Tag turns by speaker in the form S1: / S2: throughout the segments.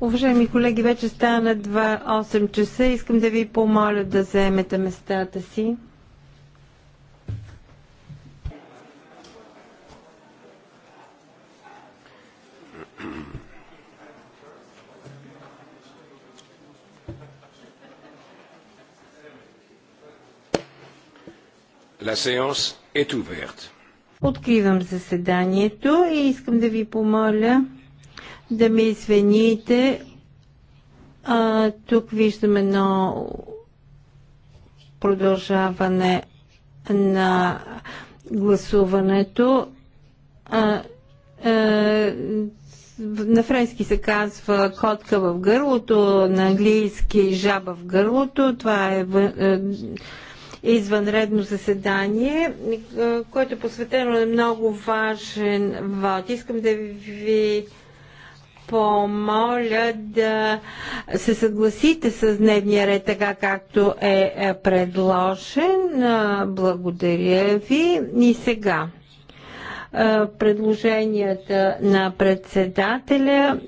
S1: Уважаеми колеги, вече стана 2-8 часа. Искам да ви помоля да заемете местата си. La
S2: séance est ouverte.
S1: Откривам заседанието и искам да ви помоля да ми извините. А, тук виждам едно продължаване на гласуването. А, а, на френски се казва котка в гърлото, на английски жаба в гърлото. Това е, е извънредно заседание, е, което е посветено на много важен вод. Искам да ви помоля да се съгласите с дневния ред, така както е, е предложен. Благодаря ви. И сега предложенията на председателя.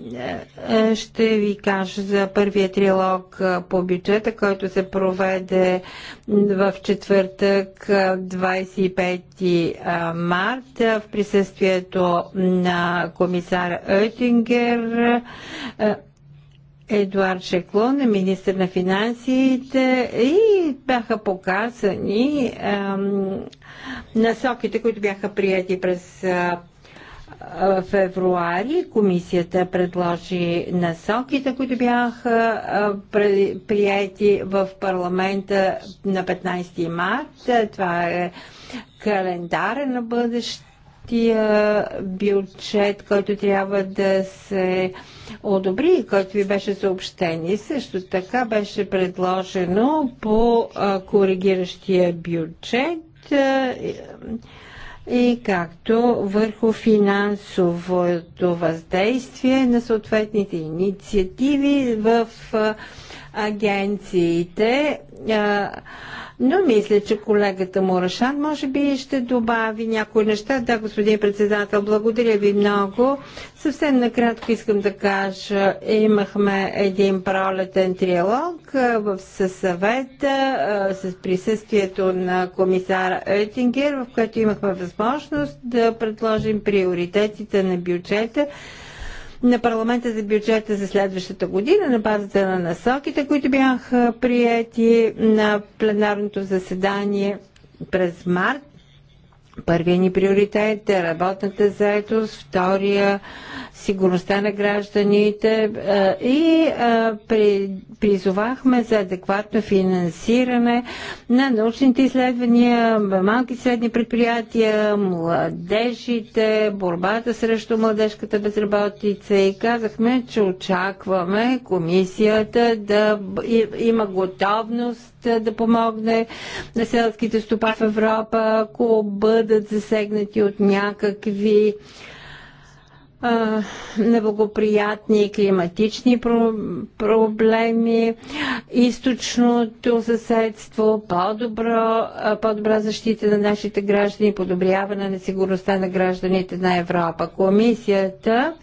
S1: Ще ви кажа за първия трилог по бюджета, който се проведе в четвъртък 25 март в присъствието на комисар Ойтингер. Едуард Шеклон е министр на финансите и бяха показани ам, насоките, които бяха прияти през а, февруари. Комисията предложи насоките, които бяха а, прияти в парламента на 15 март. Това е календара на бъдеще тия бюджет, който трябва да се одобри който ви беше съобщен. И също така беше предложено по коригиращия бюджет и както върху финансовото въздействие на съответните инициативи в агенциите. Но мисля, че колегата Мурашан може би ще добави някои неща. Да, господин председател, благодаря ви много. Съвсем накратко искам да кажа, имахме един пролетен триалог със съвета, с присъствието на комисара Етингер, в който имахме възможност да предложим приоритетите на бюджета на парламента за бюджета за следващата година на базата на насоките, които бяха приети на пленарното заседание през март Първият ни приоритет е работната заедост, втория сигурността на гражданите е, и е, призовахме за адекватно финансиране на научните изследвания, малки и средни предприятия, младежите, борбата срещу младежката безработица и казахме, че очакваме комисията да има готовност да помогне на селските стопа в Европа, ако бъде бъдат засегнати от някакви неблагоприятни климатични проблеми, източното съседство, по-добро, по-добра защита на нашите граждани, подобряване на сигурността на гражданите на Европа. Комисията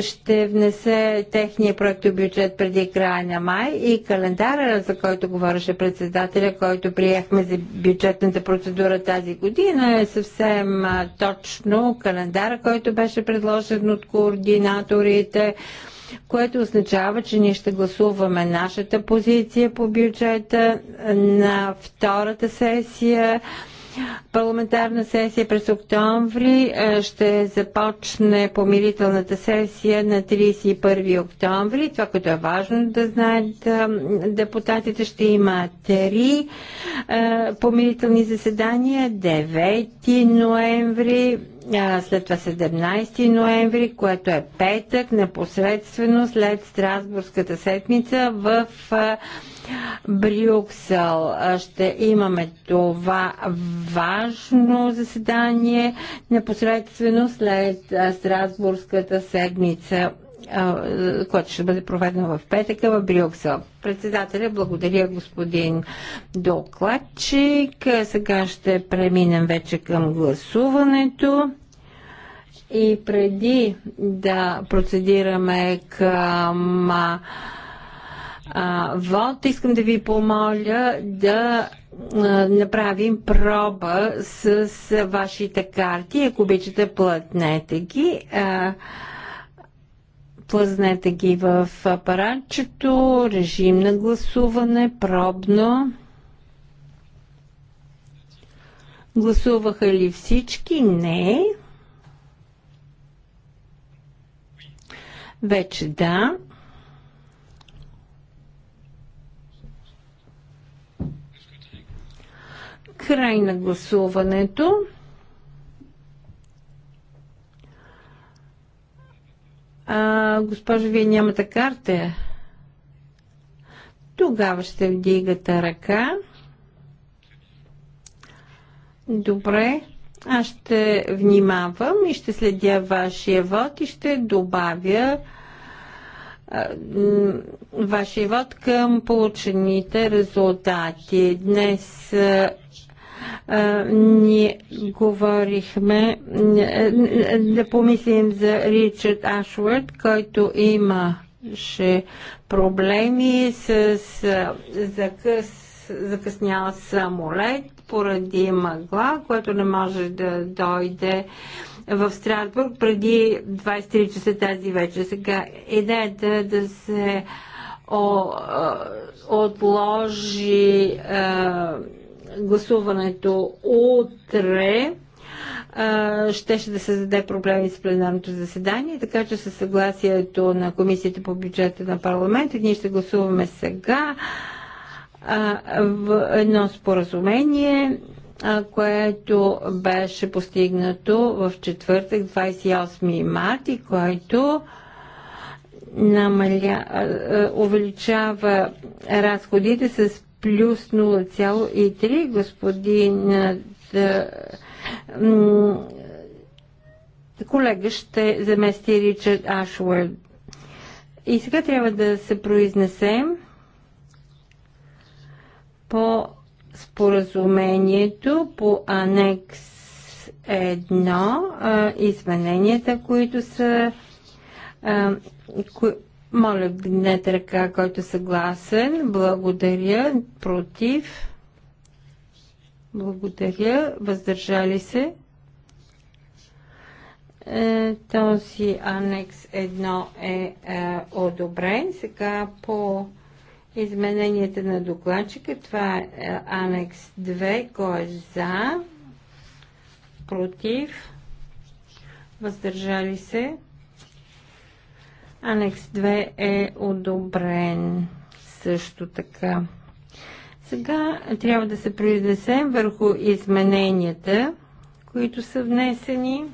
S1: ще внесе техния проект бюджет преди края на май и календара, за който говореше председателя, който приехме за бюджетната процедура тази година, е съвсем точно календара, който беше предложен от координаторите което означава, че ние ще гласуваме нашата позиция по бюджета на втората сесия Парламентарна сесия през октомври е, ще започне помирителната сесия на 31 октомври. Това, което е важно да знаят е, депутатите, ще има три е, помирителни заседания. 9 ноември след това 17 ноември, което е петък, непосредствено след Страсбургската седмица в Брюксел. Ще имаме това важно заседание непосредствено след Страсбургската седмица което ще бъде проведено в Петъка в Брюксел. Председателя, благодаря господин докладчик. Сега ще преминем вече към гласуването. И преди да процедираме към а, вод, искам да ви помоля да направим проба с, с вашите карти. Ако обичате, плътнете ги. А, плъзнете ги в апаратчето, режим на гласуване, пробно. Гласуваха ли всички? Не. Вече да. Край на гласуването. А, госпожо, вие нямате карта. Тогава ще вдигате ръка. Добре. Аз ще внимавам и ще следя вашия вод и ще добавя вашия вод към получените резултати. Днес ние говорихме е, е, да помислим за Ричард Ашвард, който имаше проблеми с закъс закъснял самолет поради мъгла, което не може да дойде в Страсбург преди 23 часа тази вечер. Сега идеята е да се о, отложи е, гласуването утре щеше да създаде проблеми с пленарното заседание, така че със съгласието на Комисията по бюджета на парламента ние ще гласуваме сега а, в едно споразумение, а, което беше постигнато в четвъртък, 28 март и което намаля, а, увеличава разходите с плюс 0,3. Господин колега ще замести Ричард Ашвард. И сега трябва да се произнесем по споразумението по анекс 1, измененията, които са, моля, вдигнете ръка, който е съгласен. Благодаря. Против. Благодаря. Въздържали се. Е, този анекс 1 е, е одобрен. Сега по измененията на докладчика, това е, е анекс 2, кой е за, против, въздържали се, Анекс 2 е одобрен също така. Сега трябва да се произнесем върху измененията, които са внесени.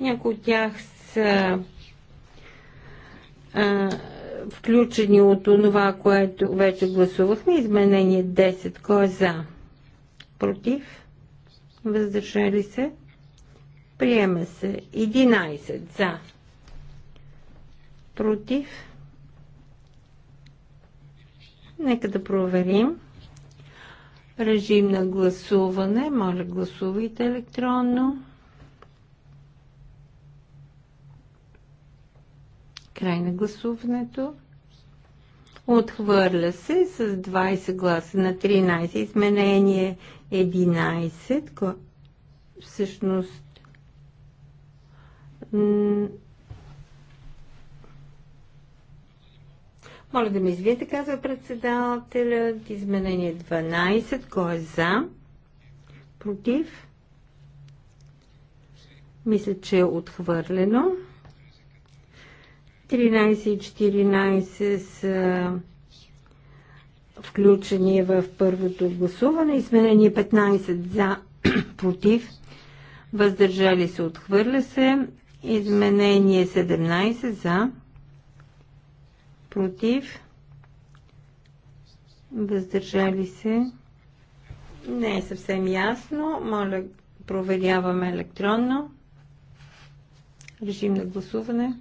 S1: Някои от тях са а, включени от това, което вече гласувахме. Изменение 10. Кой е за? Против? Въздържали се? Приема се 11 за. Против. Нека да проверим. Режим на гласуване. Моля, гласувайте електронно. Край на гласуването. Отхвърля се с 20 гласа на 13. Изменение 11. Всъщност моля да ми извинете, казва председателят. Изменение 12. Кой е за? Против? Мисля, че е отхвърлено. 13 и 14 са включени в първото гласуване. Изменение 15 за, против, въздържали се, отхвърля се. Изменение 17 за, против, въздържали се. Не е съвсем ясно. Моля, проверяваме електронно. Режим на гласуване.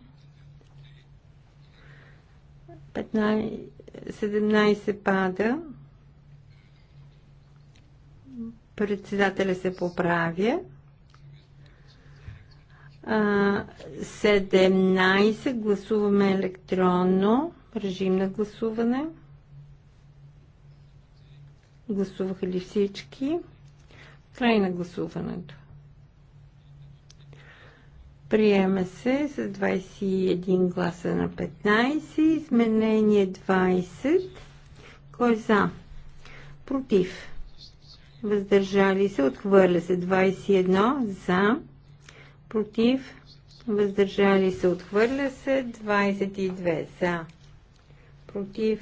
S1: 15, 17 пада. Председателя се поправя. 17 гласуваме електронно. Режим на гласуване. Гласуваха ли всички? Край на гласуването. Приема се с 21 гласа на 15. Изменение 20. Кой е за? Против. Въздържали се. Отхвърля се 21 за против, въздържали се, отхвърля се, 22 за, против,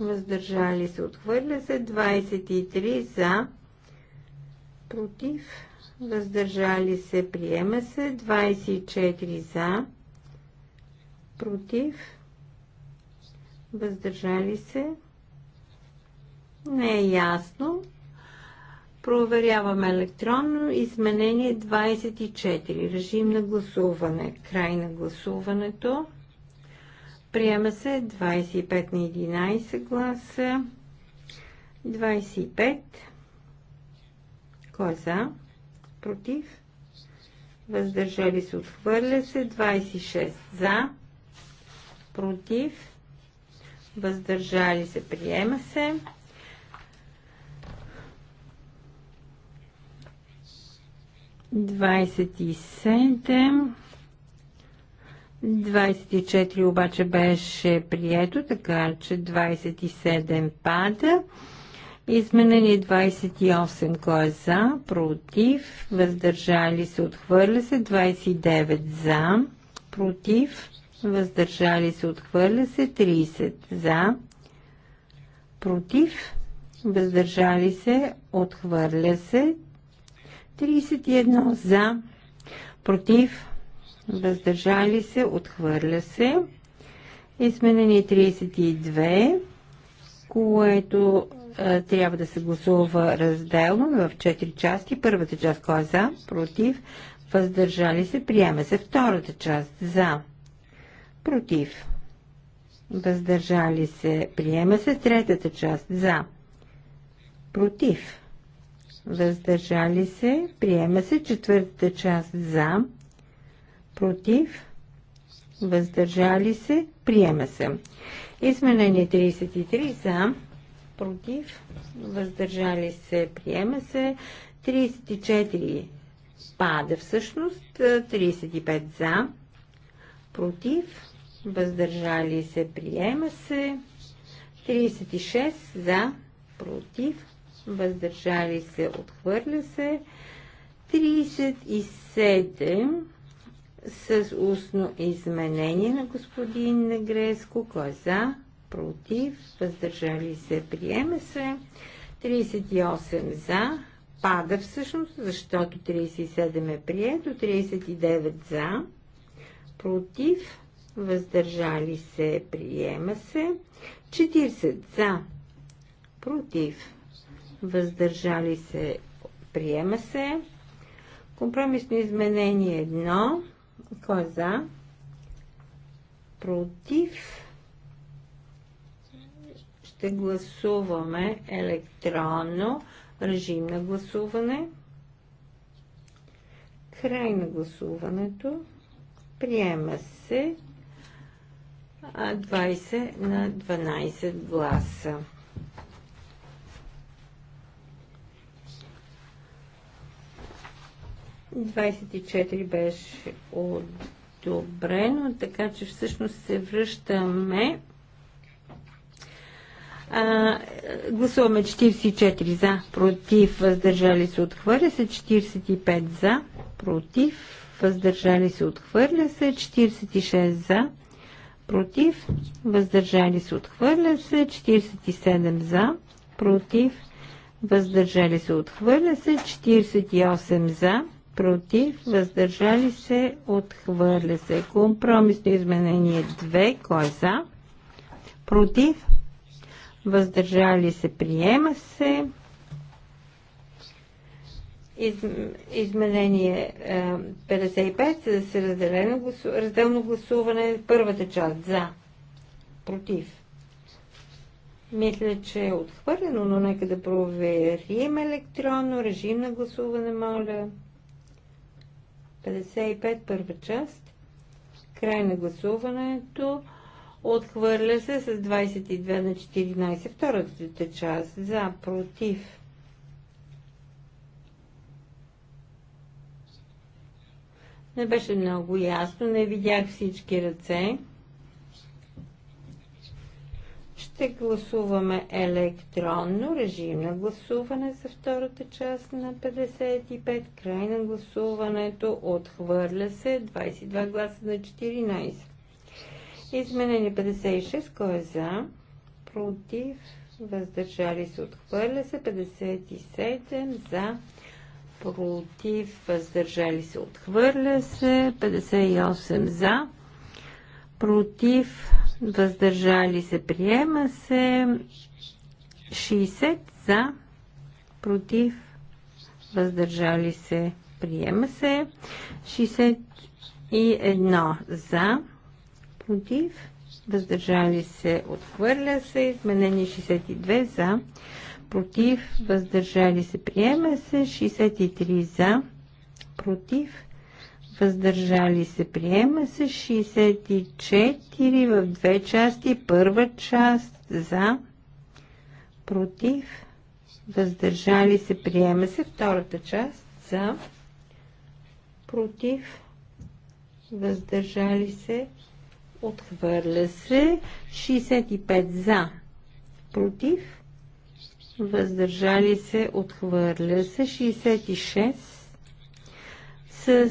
S1: въздържали се, отхвърля се, 23 за, против, въздържали се, приема се, 24 за, против, въздържали се, не е ясно, Проверяваме електронно. Изменение 24. Режим на гласуване. Край на гласуването. Приема се 25 на 11 гласа. 25. Кой е за? Против? Въздържали се. Отхвърля се. 26 за. Против? Въздържали се. Приема се. 27. 24 обаче беше прието, така че 27 пада. Изменени 28, кой е за, против, въздържали се, отхвърля се, 29 за, против, въздържали се, отхвърля се, 30 за, против, въздържали се, отхвърля се, 31 за, против, въздържали се, отхвърля се. Изменение 32, което а, трябва да се гласува разделно в 4 части. Първата част, кой е за, против, въздържали се, приема се. Втората част, за, против, въздържали се, приема се. Третата част, за, против, въздържали се, приема се. Четвъртата част за, против, въздържали се, приема се. Изменение 33 за, против, въздържали се, приема се. 34 пада всъщност, 35 за, против, въздържали се, приема се. 36 за, против, въздържали се, отхвърля се. 37 с устно изменение на господин Негреско, кой е за, против, въздържали се, приема се. 38 за, пада всъщност, защото 37 е прието, 39 за, против, въздържали се, приема се, 40 за, против, въздържали се, приема се. Компромисно изменение 1, кой е за, против, ще гласуваме електронно режим на гласуване. Край на гласуването. Приема се 20 на 12 гласа. 24 беше одобрено, така че всъщност се връщаме. А, гласуваме 44 за, против, въздържали се, отхвърля се, 45 за, против, въздържали се, отхвърля се, 46 за, против, въздържали се, отхвърля се, 47 за, против, въздържали се, отхвърля се, 48 за, против, въздържали се, отхвърля се. Компромисно изменение 2, кой за, против, въздържали се, приема се. Из, изменение 55, да се разделено, гласу, разделно гласуване, първата част за, против. Мисля, че е отхвърлено, но нека да проверим електронно режим на гласуване, моля. 55 първа част. Край на гласуването. Отхвърля се с 22 на 14 втората част. За, против. Не беше много ясно, не видях всички ръце. Ще гласуваме електронно режим на гласуване за втората част на 55. Край на гласуването отхвърля се 22 гласа на 14. Изменение 56. Кой е за? Против? Въздържали се? Отхвърля се 57. За? Против? Въздържали се? Отхвърля се 58. За? Против? въздържали се, приема се 60 за, против, въздържали се, приема се 61 за, против, въздържали се, отхвърля се, изменени 62 за, против, въздържали се, приема се 63 за, против, въздържали се, приема се 64 в две части, първа част за, против, въздържали се, приема се втората част за, против, въздържали се, отхвърля се 65 за, против, въздържали се, отхвърля се 66 с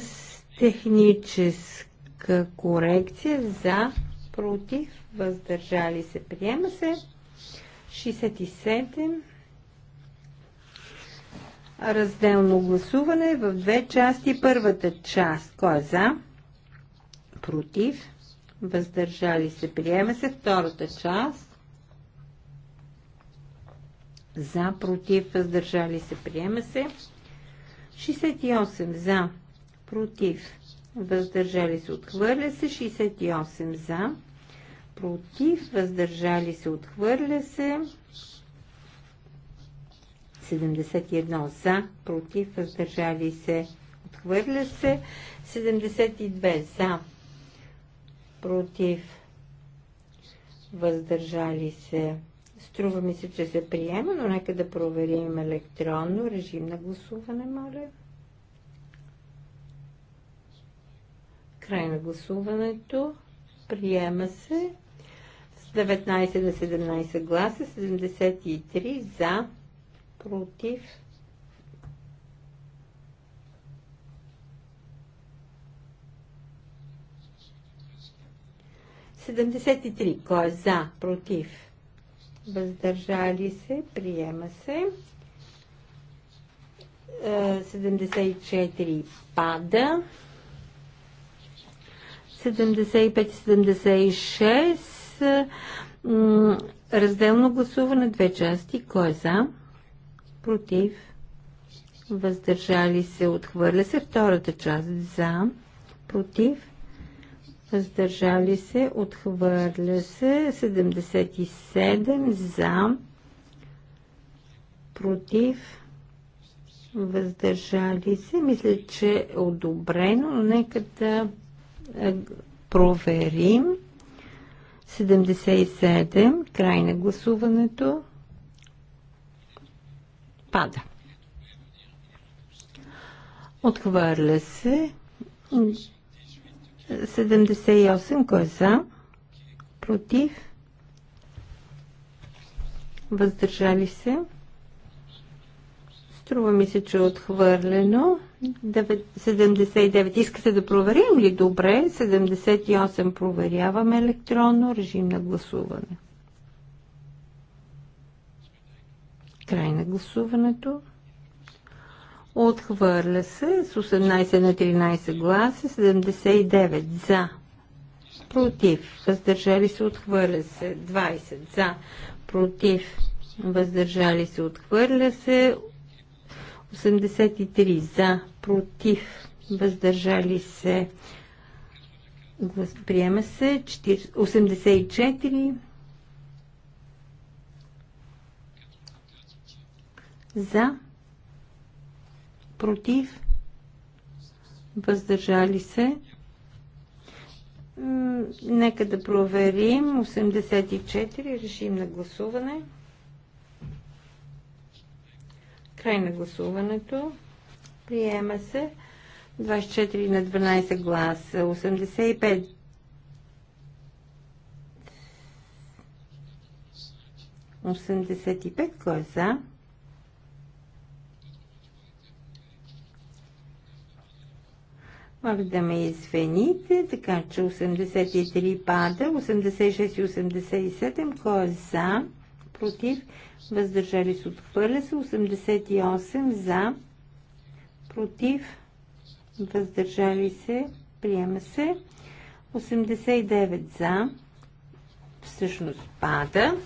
S1: техническа корекция за, против, въздържали се, приема се. 67. Разделно гласуване в две части. Първата част, кой е за, против, въздържали се, приема се. Втората част, за, против, въздържали се, приема се. 68 за, против, въздържали се, отхвърля се, 68 за, против, въздържали се, отхвърля се, 71 за, против, въздържали се, отхвърля се, 72 за, против, въздържали се. Струва ми се, че се приема, но нека да проверим електронно режим на гласуване, моля. Край на гласуването. Приема се с 19 на 17 гласа, 73 за, против. Седемдесет и три. Кой е за? Против? Въздържали се? Приема се. 74 е, пада. 75-76. Разделно гласуване, две части. Кой е за? Против. Въздържали се, отхвърля се. Втората част за. Против. Въздържали се, отхвърля се. 77 за. Против въздържали се. Мисля, че е одобрено, но нека да е, проверим. 77, край на гласуването. Пада. Отхвърля се. 78, кой е за? Против? Въздържали се? Струва ми се, че е отхвърлено. 79. Искате да проверим ли? Добре. 78. Проверяваме електронно. Режим на гласуване. Край на гласуването. Отхвърля се с 18 на 13 гласа, 79 за, против, въздържали се, отхвърля се, 20 за, против, въздържали се, отхвърля се, 83 за, против, въздържали се, приема се 84 за, против, въздържали се. Нека да проверим 84, решим на гласуване. Край на гласуването. Приема се. 24 на 12 гласа. 85 85 кой е за? Моля да ме извините, така че 83 пада, 86 и 87 кой е за? против, въздържали се, отхвърля се. 88 за, против, въздържали се, приема се. 89 за, всъщност пада.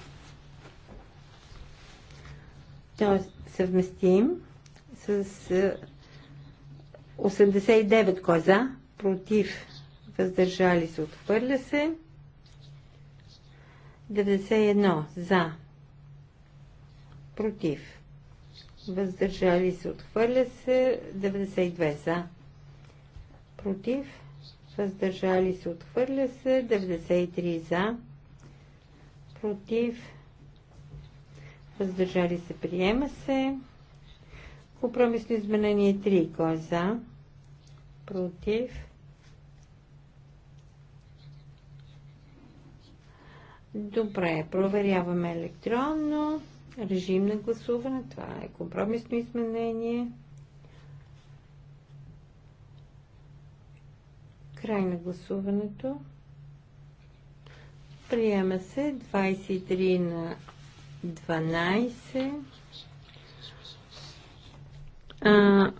S1: Тоест съвместим с 89 е, кой е за, против, въздържали се, отхвърля се. 91 за, против, въздържали се, отхвърля се, 92 за, против, въздържали се, отхвърля се, 93 за, против, въздържали се, приема се, компромисно изменение 3, кой е за, против, Добре, проверяваме електронно режим на гласуване. Това е компромисно изменение. Край на гласуването. Приема се 23 на 12. А,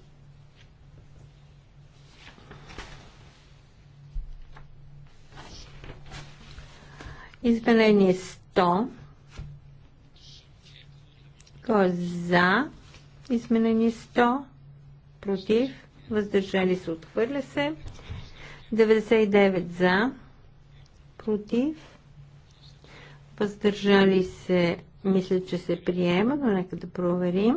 S1: изменение 100. Кой е за изменени 100? Против? Въздържали се? Отхвърля се. 99 за. Против? Въздържали се? Мисля, че се приема, но нека да проверим.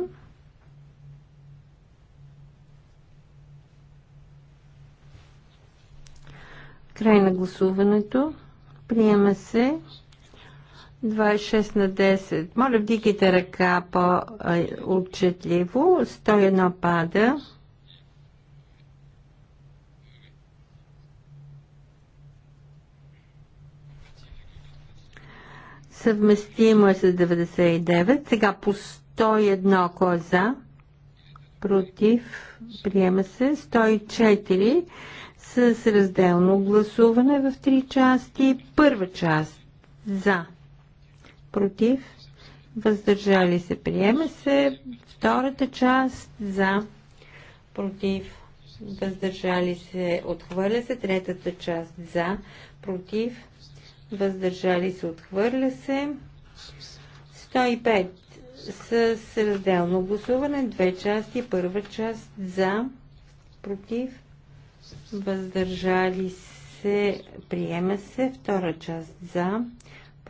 S1: Край на гласуването. Приема се 26 на 10. Моля, вдигайте ръка по-отчетливо. 101 пада. Съвместимо е с 99. Сега по 101 кой е за? Против. Приема се. 104 с разделно гласуване в три части. Първа част за против, въздържали се, приема се. Втората част за, против, въздържали се, отхвърля се. Третата част за, против, въздържали се, отхвърля се. 105 с разделно гласуване, две части, първа част за, против, въздържали се, приема се, втора част за,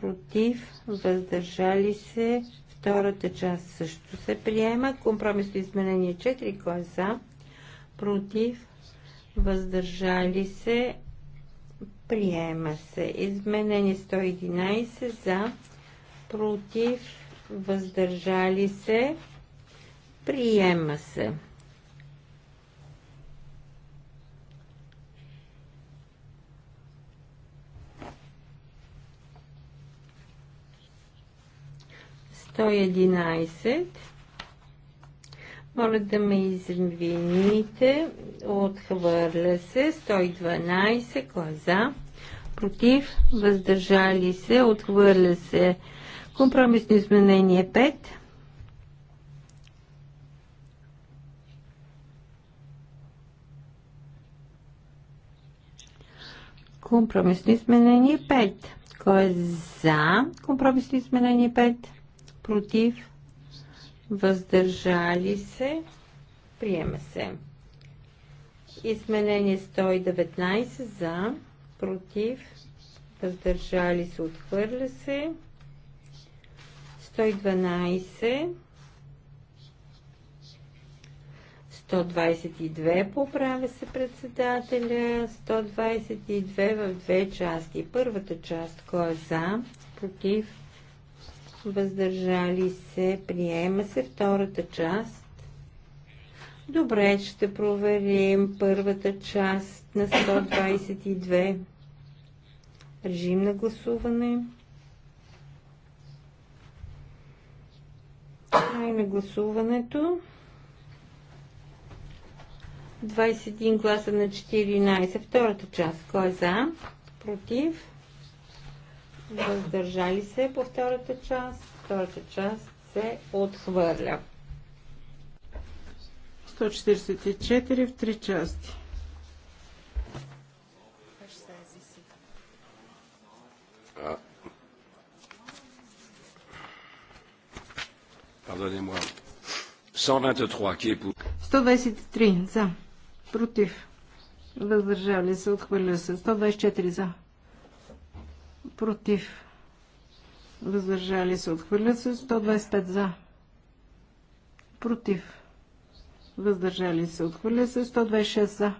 S1: против, въздържали се. Втората част също се приема. Компромисно изменение 4. Кой е за? Против, въздържали се. Приема се. Изменение 111 за, против, въздържали се. Приема се. 111. Моля да ме извините. Отхвърля се. 112. Кой е за? Против. Въздържали се. Отхвърля се. Компромисно изменение 5. Компромисно изменение 5. Кой е за компромисно изменение 5? против, въздържали се, приема се. Изменение 119 за, против, въздържали се, отхвърля се. 112, 122 поправя се председателя, 122 в две части. Първата част, кой е за, против, въздържали се, приема се втората част. Добре, ще проверим първата част на 122. Режим на гласуване. Край на гласуването. 21 гласа на 14. Втората част. Кой е за? Против? въздържали се по втората част, втората част се отхвърля.
S2: 144 в три части.
S1: Pardonnez-moi. 123, qui est pour
S2: 123 за. Против. Въздържали се. Отхвърля се. 124 за против, въздържали се, отхвърля се, 125 за, против, въздържали се, отхвърля се, 126 за,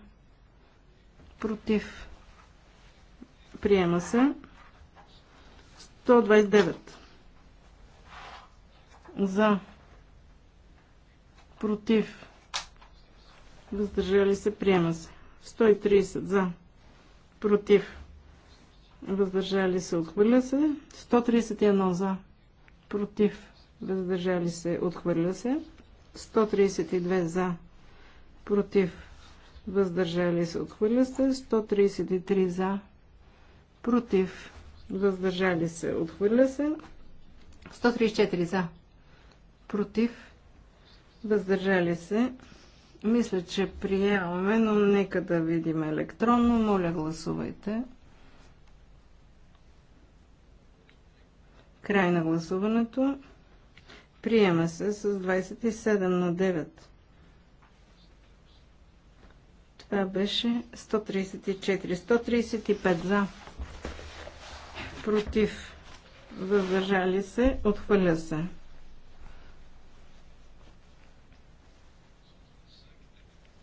S2: против, приема се, 129 за, против, въздържали се, приема се, 130 за, против, въздържали се, отхвърля се. 131 за, против, въздържали се, отхвърля се. 132 за, против, въздържали се, отхвърля се. 133 за, против, въздържали се, отхвърля се. 134 за, против, въздържали се. Мисля, че приемаме, но нека да видим електронно. Моля, гласувайте. Край на гласуването. Приема се с 27 на 9. Това беше 134. 135 за. Против. Въздържали се. Отхвърля се.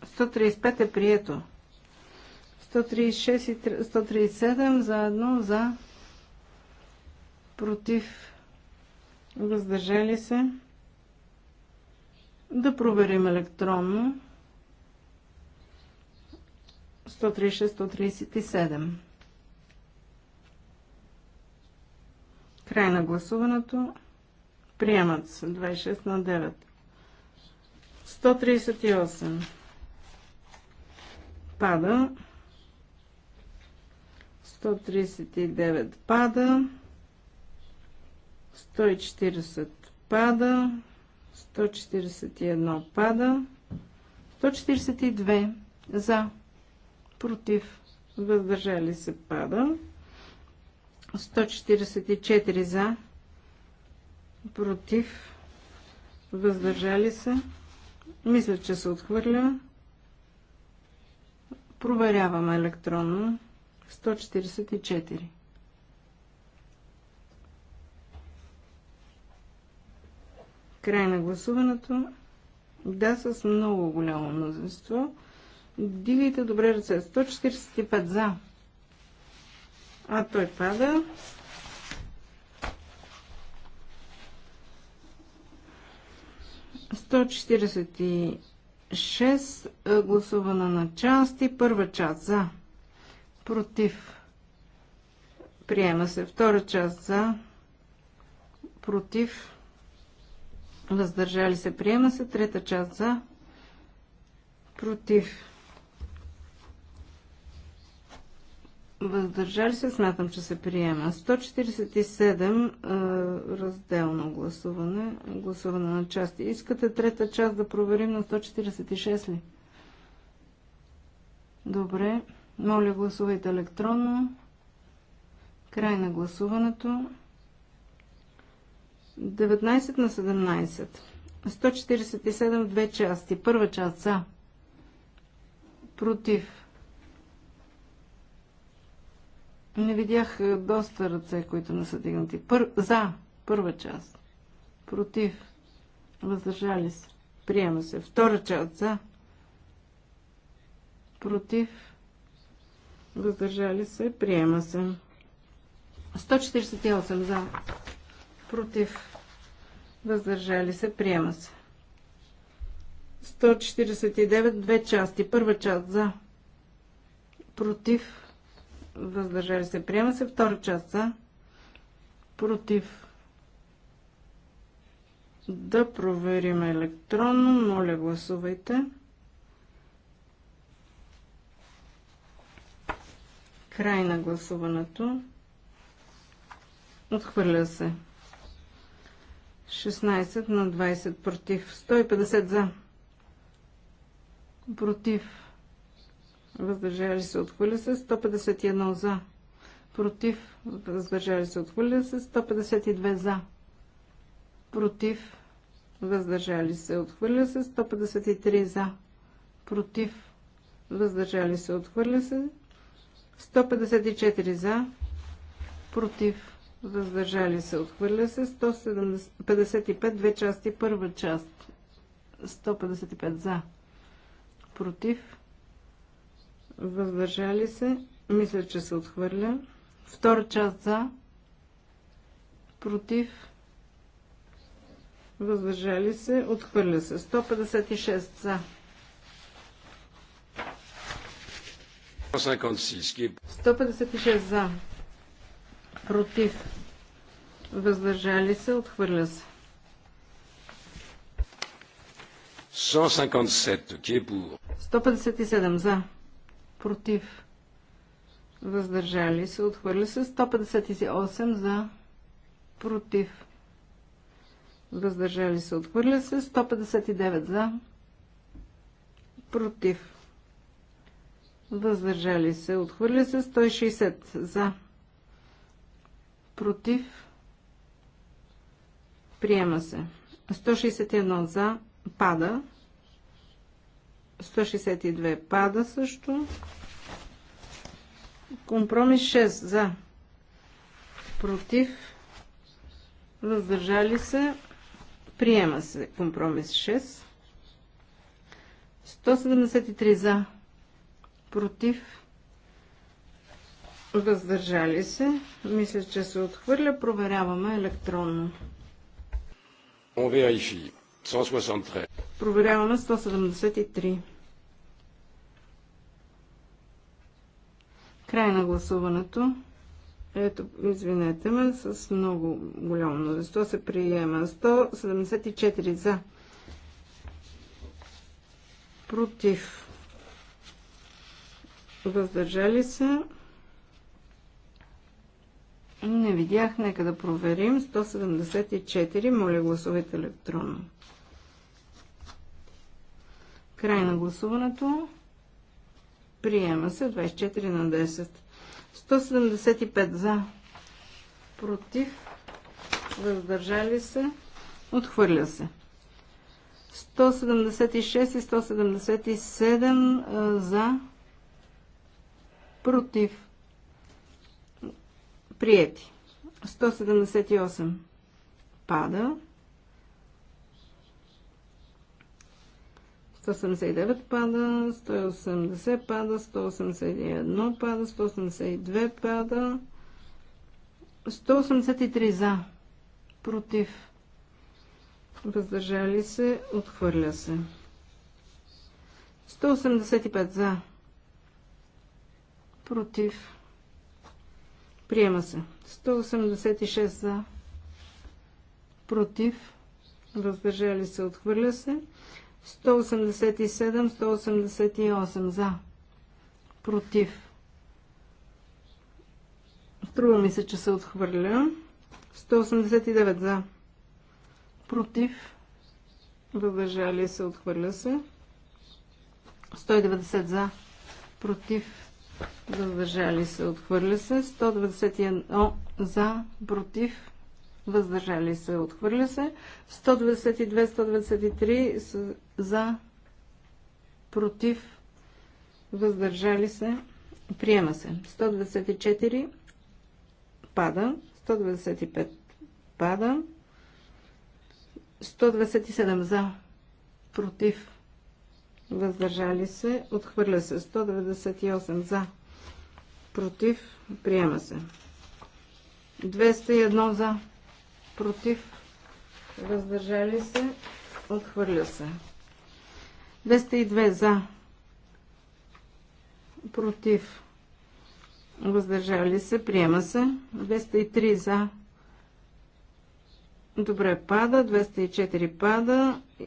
S2: Сто е прието. 136 и 137 заедно за против, въздържали се. Да проверим електронно. 136-137. Край на гласуването. Приемат се 26 на 9. 138. Пада. 139 пада. 140 пада, 141 пада, 142 за, против, въздържали се пада, 144 за, против, въздържали се, мисля, че се отхвърля, проверяваме електронно, 144. Край на гласуването. Да, с много голямо мнозинство. Дигайте добре ръце. 145 за. А той пада. Сто четиридесет е, гласувана на части. Първа част за. Против. Приема се. Втора част за. Против въздържали се, приема се. Трета част за, против, въздържали се, смятам, че се приема. 147 разделно гласуване, гласуване на части. Искате трета част да проверим на 146 ли? Добре. Моля, гласувайте електронно. Край на гласуването. 19 на 17. 147 в две части. Първа част за. Против. Не видях е, доста ръце, които не са дигнати. Пър... За. Първа част. Против. Въздържали се. Приема се. Втора част за. Против. Въздържали се. Приема се. 148 за. Против въздържали се, приема се. 149, две части. Първа част за, против, въздържали се, приема се. Втора част за, против. Да проверим електронно. Моля, гласувайте. Край на гласуването. Отхвърля се. 16 на 20 против. 150 за. Против. Въздържали се отхвърля се. 151 за. Против. Въздържали се отхвърля се. 152 за. Против. Въздържали се отхвърля се. 153 за. Против. Въздържали се отхвърля се. 154 за. Против въздържали се, отхвърля се 155, две части, първа част 155 за, против, въздържали се, мисля, че се отхвърля, втора част за, против, въздържали се, отхвърля се 156 за. 156 за, против, въздържали се, отхвърля се.
S1: 157, qui est pour?
S2: 157 за, против, въздържали се, отхвърля се. 158 за, против, въздържали се, отхвърля се. 159 за, против, въздържали се, отхвърля се. 160 за, против, приема се. 161 за, пада. 162 пада също. Компромис 6 за, против, въздържали се, приема се. Компромис 6. 173 за, против, Въздържали се. Мисля, че се отхвърля. Проверяваме електронно. On vérifie. Проверяваме 173. Край на гласуването. Ето, извинете ме, с много голямо множество се приема. 174 за. Против. Въздържали се. Не видях, нека да проверим. 174, моля гласувайте електронно. Край на гласуването. Приема се 24 на 10. 175 за. Против. Въздържали се. Отхвърля се. 176 и 177 за. Против Приети. 178 пада. 179 пада, 180 пада, 181 пада, 182 пада, 183 за, против, въздържали се, отхвърля се. 185 за, против, Приема се. 186 за. Против. Въздържали се. Отхвърля се. 187, 188 за. Против. Струва ми се, че се отхвърля. 189 за. Против. Въздържали се. Отхвърля се. 190 за. Против въздържали се, отхвърля се. 191 за, против, въздържали се, отхвърля се. 192, 193 за, против, въздържали се, приема се. 124 пада, 195 пада, 127 за, против, въздържали се, отхвърля се 198 за, против, приема се. 201 за, против, въздържали се, отхвърля се. 202 за, против, въздържали се, приема се. 203 за, добре пада, 204 пада, е,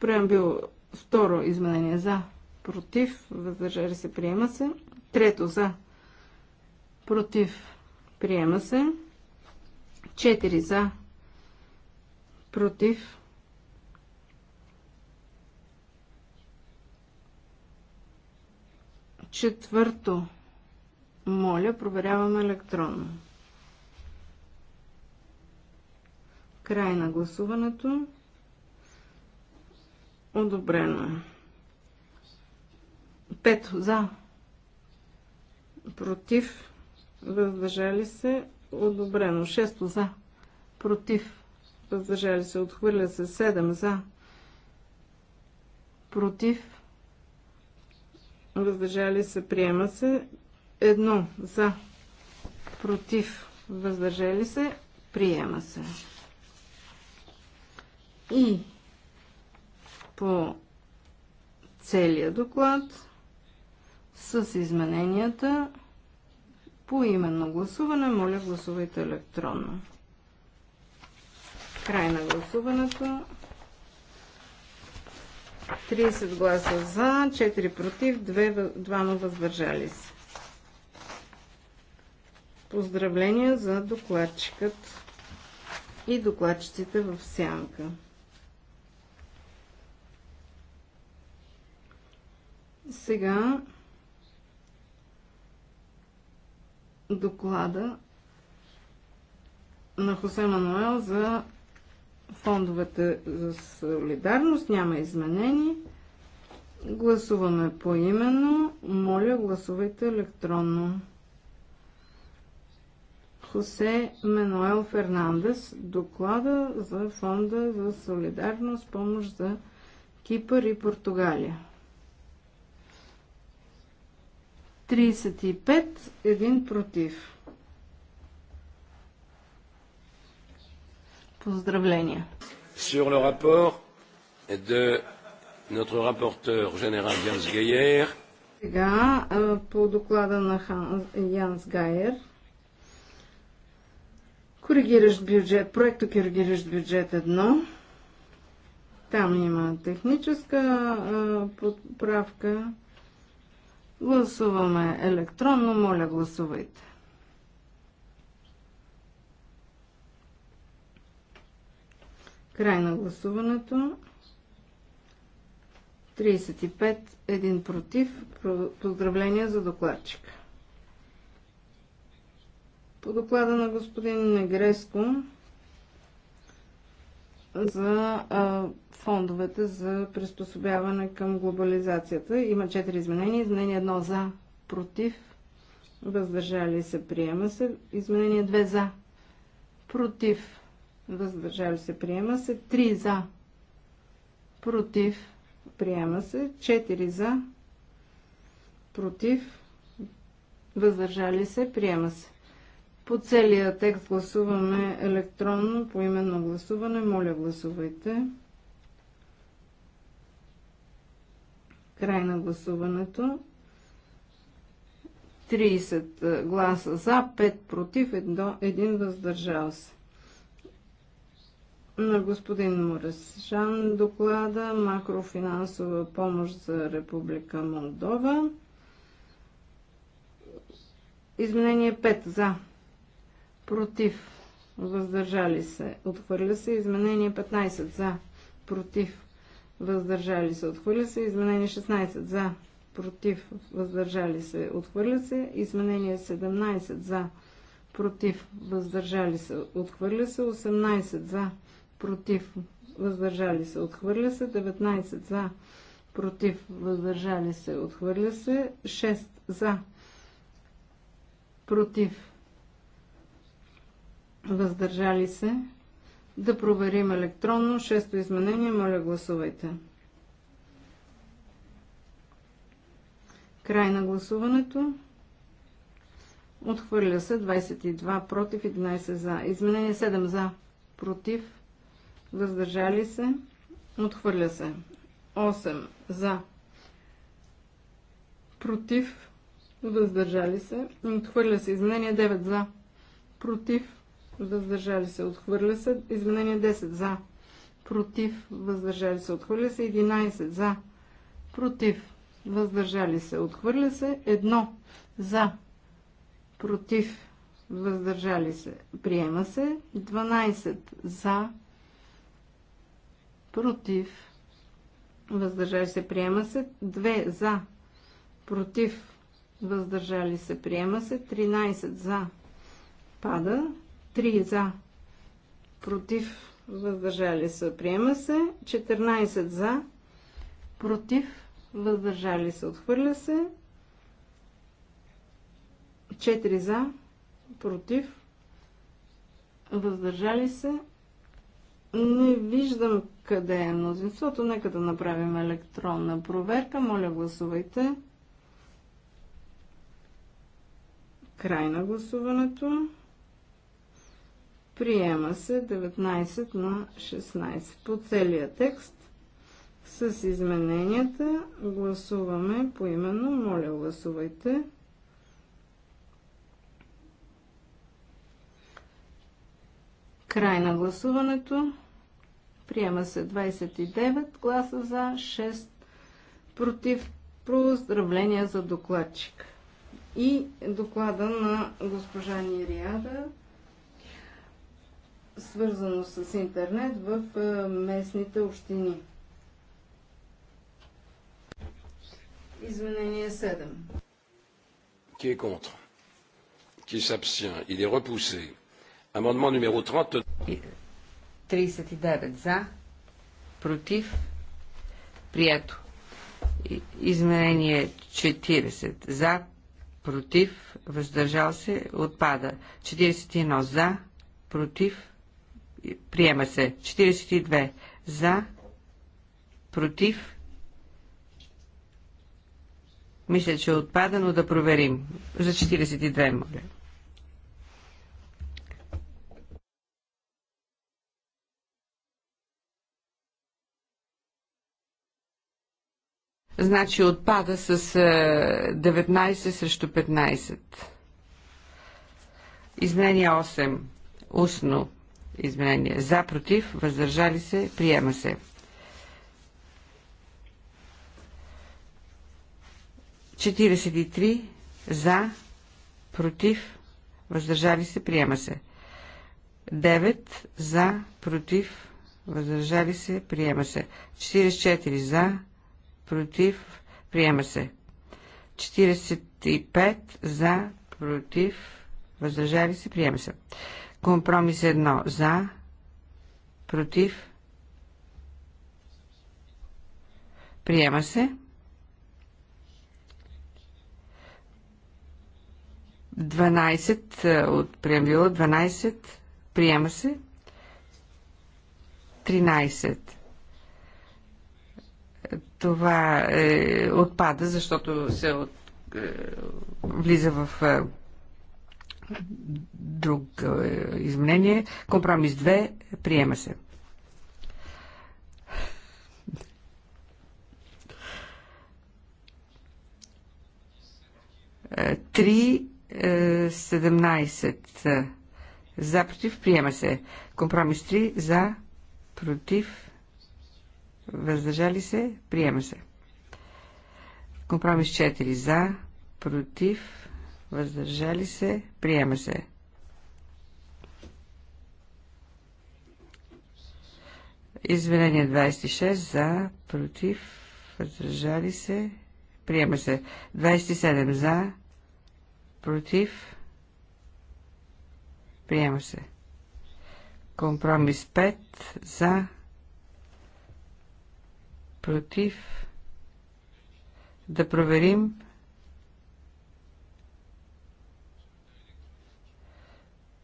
S2: преамбил Второ изменение за. Против. Въздържали се. Приема се. Трето за. Против. Приема се. Четири за. Против. Четвърто. Моля, проверяваме електронно. Край на гласуването. Одобрено е. Пето. За. Против. Въздържали се. Одобрено. Шесто. За. Против. Въздържали се. Отхвърля се. Седем. За. Против. Въздържали се. Приема се. Едно. За. Против. Въздържали се. Приема се. И по целия доклад с измененията по именно гласуване. Моля, гласувайте електронно. Край на гласуването. 30 гласа за, 4 против, 2, 2 въздържали се. Поздравления за докладчикът и докладчиците в сянка. Сега доклада на Хосе Мануел за фондовете за солидарност. Няма изменени. Гласуваме поименно. Моля, гласувайте електронно. Хосе Мануел Фернандес. Доклада за фонда за солидарност, помощ за Кипър и Португалия. 35, един против. Поздравления. Sur le rapport de notre rapporteur général Jens Geyer. Сега по доклада на Янс Гайер. Коригиращ бюджет, проекто коригиращ бюджет 1. Там има техническа поправка Гласуваме електронно. Моля, гласувайте. Край на гласуването. 35, един против. Поздравления за докладчика. По доклада на господин Негреско за а, фондовете за приспособяване към глобализацията. Има четири изменения. Изменение едно за, против, въздържали се, приема се. Изменение две за, против, въздържали се, приема се. Три за, против, приема се. Четири за, против, въздържали се, приема се. По целия текст гласуваме електронно, по именно гласуване. Моля, гласувайте. Край на гласуването. 30 е, гласа за, 5 против, 1, въздържал се. На господин Моресшан доклада макрофинансова помощ за Република Молдова. Изменение 5 за против, въздържали се, отхвърля се, изменение 15 за, против, въздържали се, отхвърля се, изменение 16 за, против, въздържали се, отхвърля се, изменение 17 за, против, въздържали се, отхвърля се, 18 за, против, въздържали се, отхвърля се, 19 за, против, въздържали се, отхвърля се, 6 за, против, въздържали се. Да проверим електронно. Шесто изменение, моля гласувайте. Край на гласуването. Отхвърля се 22 против 11 за. Изменение 7 за. Против. Въздържали се. Отхвърля се. 8 за. Против. Въздържали се. Отхвърля се. Изменение 9 за. Против въздържали се, отхвърля се. Изменение 10 за, против, въздържали се, отхвърля се. 11 за, против, въздържали се, отхвърля се. 1 за, против, въздържали се, приема се. 12 за, против, въздържали се, приема се. 2 за, против, въздържали се, приема се. 13 за, пада. 3 за, против, въздържали се, приема се. 14 за, против, въздържали се, отхвърля се. 4 за, против, въздържали се. Не виждам къде е мнозинството. Нека да направим електронна проверка. Моля, гласувайте. Край на гласуването. Приема се 19 на 16. По целия текст с измененията гласуваме поименно. Моля, гласувайте. Край на гласуването. Приема се 29 гласа за, 6 против. Поздравления за докладчик. И доклада на госпожа Нириада свързано с интернет в е, местните общини. Изменение 7.
S1: Qui est contre Qui s'abstient Il est repoussé. Amendement numéro 30.
S3: 39 за, против, прието. Изменение 40 за, против, въздържал се, отпада. 41 за, против, Приема се. 42. За. Против. Мисля, че е отпадано да проверим. За 42, моля. Значи отпада с 19 е, срещу 15. Изменение 8. Устно изменение. За, против, въздържали се, приема се. Четиридесет и три за, против, въздържали се, приема се. 9 за, против, въздържали се, приема се. 44 за, против, приема се. 45 за, против, въздържали се, приема се. Компромис 1 за, против, приема се. 12 е, от приемлила, 12 приема се. 13. Това е, отпада, защото се от, е, влиза в е, друг е, изменение. Компромис 2 приема се. Е, три 17 е, за против приема се. Компромис 3 за против въздържали се приема се. Компромис 4 за против въздържали се, приема се. Извинение 26 за, против, въздържали се, приема се. 27 за, против, приема се. Компромис 5 за, против, да проверим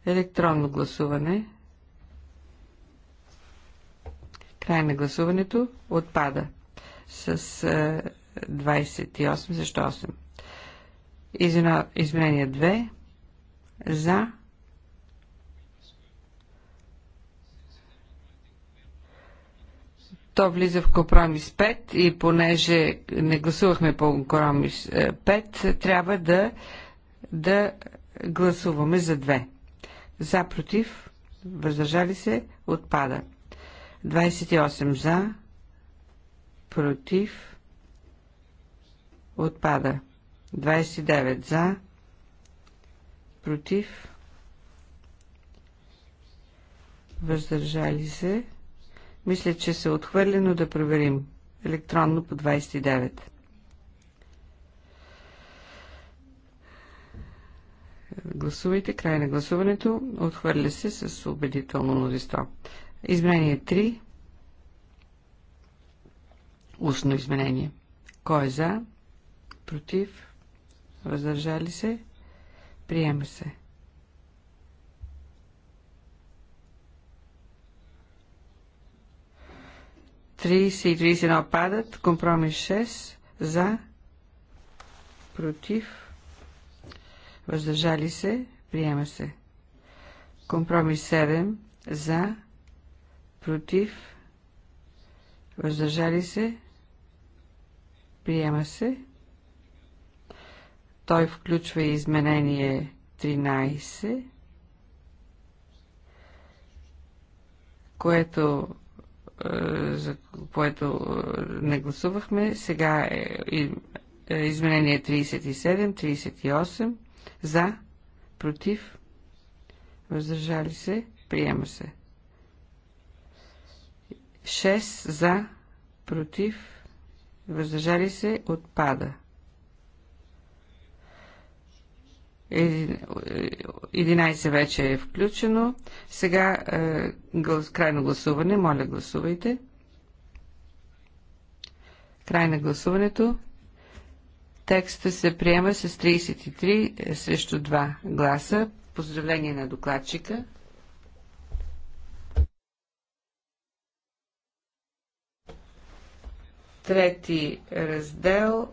S3: Електронно гласуване. Край на гласуването. Отпада с 28 защо 8. Изменение 2. За. То влиза в компромис 5 и понеже не гласувахме по компромис 5, е, трябва да, да гласуваме за 2 за, против, въздържали се, отпада. 28 за, против, отпада. 29 за, против, въздържали се. Мисля, че се отхвърли, но да проверим. Електронно по 29. Гласувайте. Край на гласуването. Отхвърля се с убедително мнозинство. Изменение 3. Устно изменение. Кой е за? Против? Въздържали се? Приема се. Тридесет и 31 падат. Компромис 6. За. Против въздържали се, приема се. Компромис 7 за, против, въздържали се, приема се. Той включва и изменение 13, което е, за което е, не гласувахме. Сега е, е изменение 37, 38. За. Против. Въздържали се. Приема се. 6 за, против, въздържали се, отпада. 11 вече е включено. Сега е, крайно гласуване. Моля, гласувайте. Край на гласуването. Текста се приема с 33 е, срещу 2 гласа. Поздравление на докладчика. Трети раздел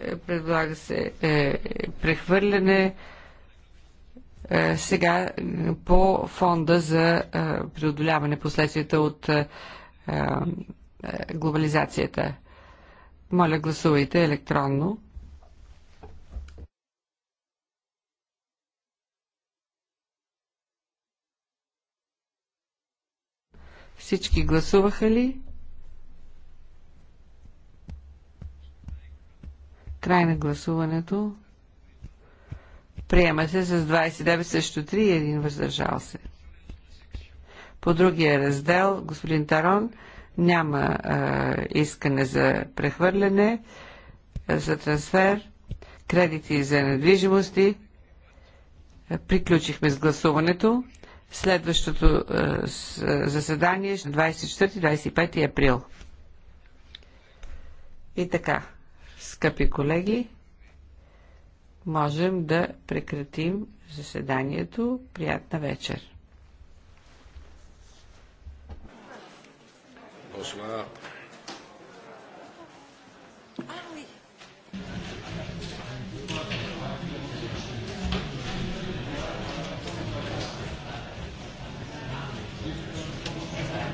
S3: е, предлага се е, прехвърляне е, сега по фонда за е, преодоляване последствията от е, е глобализацията. Моля, гласувайте електронно. Всички гласуваха ли? Край на гласуването. Приема се с 29 също 3 и 1 въздържал се. По другия раздел, господин Тарон, няма искане за прехвърляне, за трансфер, кредити за недвижимости. Приключихме с гласуването. Следващото заседание 24-25 е април. И така, скъпи колеги, можем да прекратим заседанието. Приятна вечер!
S2: Bonsoir. Ah,